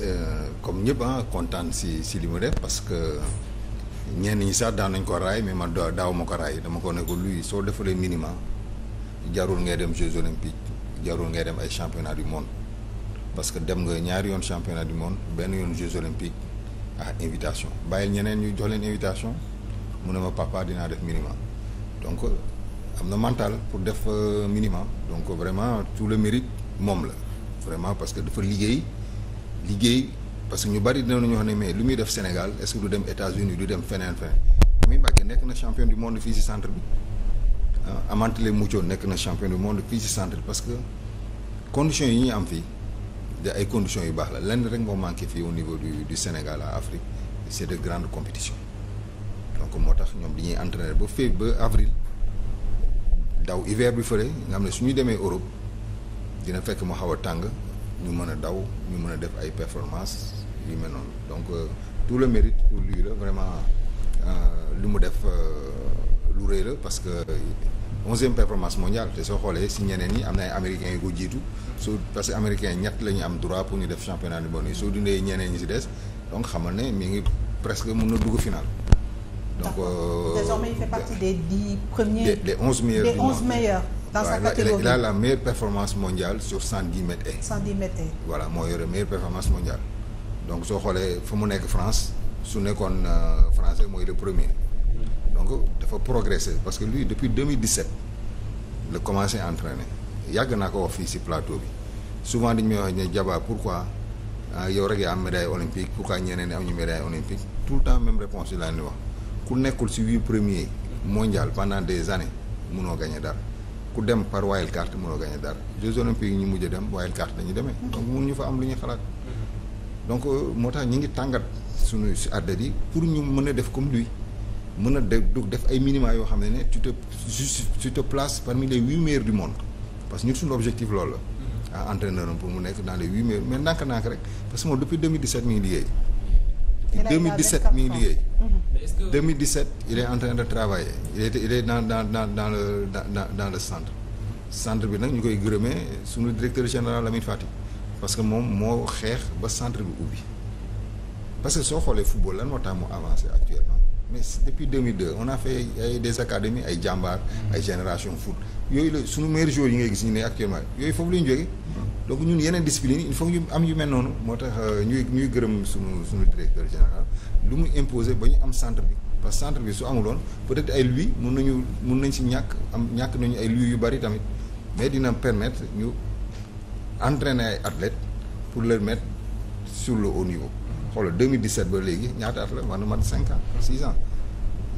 Euh, comme ñëpp ah kontaan si si li mu def parce que ñenn ñi sax daan nañ ko raay mais ma daaw ma ko raay dama ko ne ko luy soo defalee minimum jarul ngay dem Jeux olympiques jarul ngay dem ay championnat du monde parce que dem nga ñaari yoon championnat du monde benn yoon Jeux olympiques ah invitation bàyyil ñeneen ñu jox leen invitation mu ne ma papa dinaa def minimum donc euh, am na mental pour def euh, minimum donc vraiment tout le mérite moom la vraiment parce que dafa liggéey. liggéey parce que ñu bari dinañu wax ne mais lu muy def Sénégal est-ce que du dem États-Unis du dem feneen feneen muy Mbacké nekk na champion du monde fii ci centre bi ah, Amantele muccoon nekk na champion du monde fii ci centre bi parce que conditions yi ñuy am fii de ay conditions yu baax la lenn rek moo manqué fii au niveau du du Sénégal à Afrique c'est de grandes compétitions donc moo tax ñoom dañuy entraîner ba fee ba avril daw hiver bi fëre nga xam ne su ñu demee Europe dina fekk mu xaw a tàng ñu mën a daw ñu mën a def ay performance yu mel noonu donc euh, tout le mérite pour lui la vraiment euh, lu mu def euh, lu rëy la parce que onzième performance mondiale te soo xoolee si ñeneen ñi am na ay américains ko jiitu soo parce que américains ñett la am droit pour ñu def championnat ni monde yi soo dundee ñeneen ñi si des donc xamal ne mi ngi presque mun na dugg final donc désormais onze meilleurs des meilleurs dans sa catégorie la meilleure performance mondiale sur 110 mètres haies. 110 mètres moo yore meilleure performance mondiale donc soo xoolee fu mu nekk France su nekkoon euh, français mooy le premier donc dafa progresser parce que lui depuis 2017 la commencé à entraîner yàgg naa ko wax fii si plateau bi souvent dañu may wax ne Diaba pourquoi euh, yow rek yaa am médaille olympique pourquoi ñeneen ñi amuñu médaille olympique tout le temps même réponse yi laa leen wax ku nekkul ci huit premiers mondial pendant des années mënoo gagné dara. bu dem par wild card mënoo gagné dara jeux olympiques yi ñu mujj dem wild card dañu demee donc mun ñu fa am lu ñuy xalaat donc euh, moo tax ñu ngi tàngat suñu si athlètes yi pour ñu mën a def comme lui mën a def ay minima yoo xam ne ne tu te tu te places parmi les huit meilleurs du monde parce que ñun suñu objectif loolu la. Mm-hmm. ah pour mu nekk dans les huit meilleurs mais ndànk-ndànk rek parce que moom depuis 2017 mi ngi liggéey. 2017 mi ngi liggéey. 2017 il est en train de travailler il est il est dans dans dans dans le dans dans le centre. centre bi nag ñu koy gërëmee suñu directeur général Lamine Fati parce que moom moo xeex ba centre bi ubbi parce que soo xoolee football lan moo tax mu avancé actuellement mais depuis 2002 on a fait ay des académies ay jàmbaar ay mm. génération foot yooyu la suñu meilleurs joueurs yi ngay gis ñu ne actuellement yooyu foofu la ñu donc ñun yeneen discipline il faut ñu am yu mel noonu moo tax euh, ñuy ñuy gërëm suñu suñu directeur général lu mu imposer ba ñu am centre bi parce que centre bi su amuloon peut-être ay luy mun nañu mun nañ si ñàkk am ñàkk nañu ay luy yu bari tamit mais dina permettre ñu entraîner ay athlètes pour leur mettre sur le haut niveau xoolal 2017 ba léegi ñaata at la war na mat cinq an six ans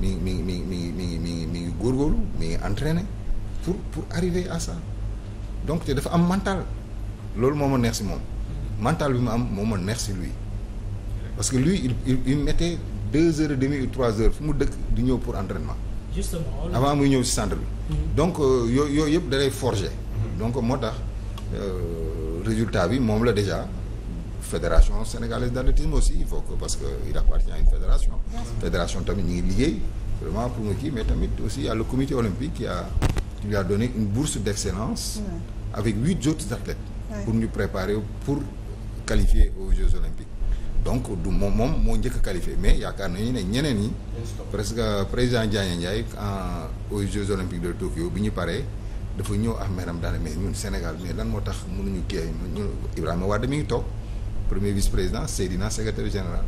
mi ngi mi ngi mi ngi mi ngi mi ngi mi ngi góorgóorlu mi ngi entraîner pour pour arriver à ça loolu moom ma neex si moom mental bi mu am moom ma neex si lui parce que lui il il, il mettait deux heures et ou trois heures fu mu dëkk di ñëw pour entraînement. justement avant muy ñëw si centre bi. Mm-hmm. donc euh, yooyu yooyu yëpp dalay lay mm-hmm. donc moo tax euh, résultat bi moom la déjà fédération sénégalaise d'athlétisme aussi il faut que parce que il appartient à une fédération. fédération tamit ñu ngi liggéey vraiment pour nga kii mais tamit aussi y a le comité olympique qui a qui lui a donné une bourse d'excellence. pour ñu préparer pour qualifier aux Jeux olympiques donc du moom moom moo njëkk a qualifié mais yaakaar nañu ne ñeneen ñi presque président Diagne Ndiaye en aux Jeux olympiques de Tokyo bi ñu paree dafa ñëw ak meram daane mais ñun Sénégal mais lan moo tax mënuñu kii ñun Ibrahima Wade mi ngi toog premier vice président Seydina secrétaire général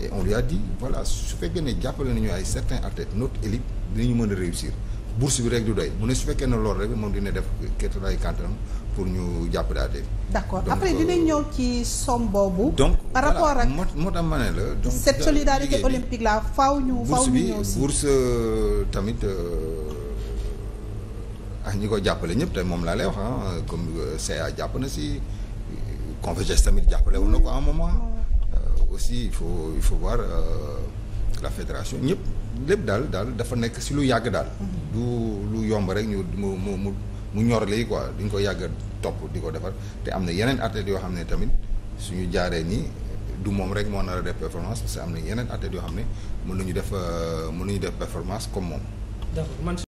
et on lui a dit voilà su fekkee ne jàppale nañu ay certains athlètes notre élite dinañu mën a réussir bourse bi rek du doy mu ne su fekkee ne loolu rek moom dina def kétalaay kantanam pour ñu jàpp daal d' accord donc, après euh, dinañ ñëw ci somme boobu. donc par rapport ak moo moo tax ma ne la. donc cette solidarité olympique là ñu. faaw ñu ñëw si bourse euh, tamit. Euh, ah, ñi ko jàppale ñëpp te moom laa lay wax ah comme CA jàpp na si Conféges tamit jàppale woon na ko à un mm. aussi il faut il faut voir la fédération ñëpp lépp daal daal dafa nekk si lu yàgg daal. Mm-hmm. lu yomb rek ñu mu mu mu ñor lay quoi duñ ko yàgg. topp di ko defar te am na yeneen athlètes yoo xam ne tamit suñu jaaree nii du moom rek moo nar a def performance parce que am na yeneen athlètes yoo xam ne mën ñu def euh, mën ñu def performance comme moom.